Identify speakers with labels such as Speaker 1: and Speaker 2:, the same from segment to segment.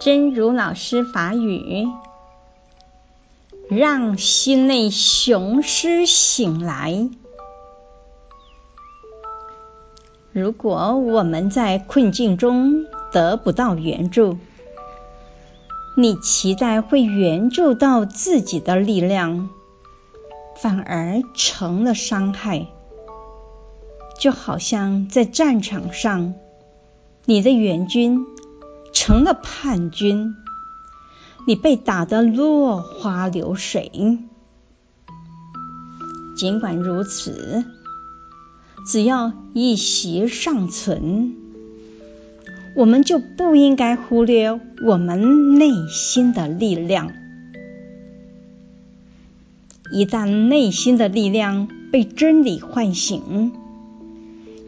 Speaker 1: 真如老師法語，讓心內雄獅醒來。如果我們在困境中得不到援助，你期待會援助到自己的力量，反而成了傷害。就好像在戰場上，你的援軍，成了叛軍，你被打得落花流水。儘管如此，只要一息尚存，我們就不應該忽略我們內心的力量。一旦內心的力量被真理喚醒，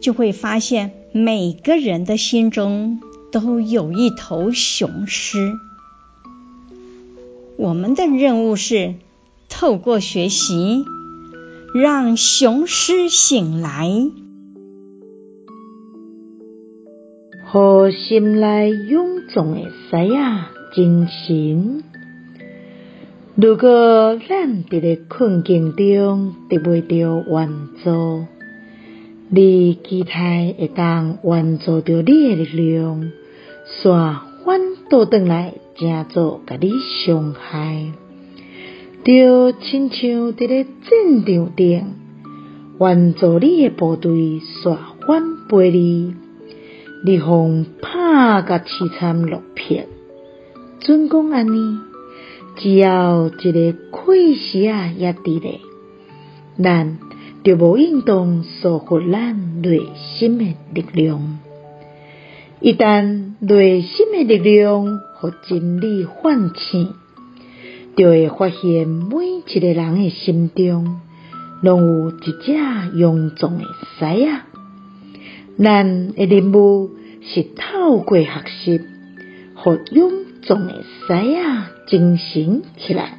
Speaker 1: 就會發現每個人的心中。都有一頭雄獅。我們的任務是透過學習，讓雄獅醒來，
Speaker 2: 和心內雄壯的獅子精神。如果咱佇個困境中得袂到援助，你期待會當援助到你的力量。煞反倒轉來，正做甲你傷害，着親像佇咧戰場頂，援助你的部隊煞反背離，你方怕甲淒慘落魄，準講安尼，只要一個氣息啊也佇咧，咱就無應當忽略咱內心誒力量。一旦內心的力量互真理喚醒，就會發現每一個人的心中，攏有一隻勇壯的獅子。咱的任務是透過學習，互勇壯的獅子精神起來，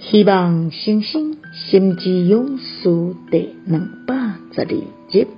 Speaker 2: 希望新生心，心之勇士，第二百一十二集。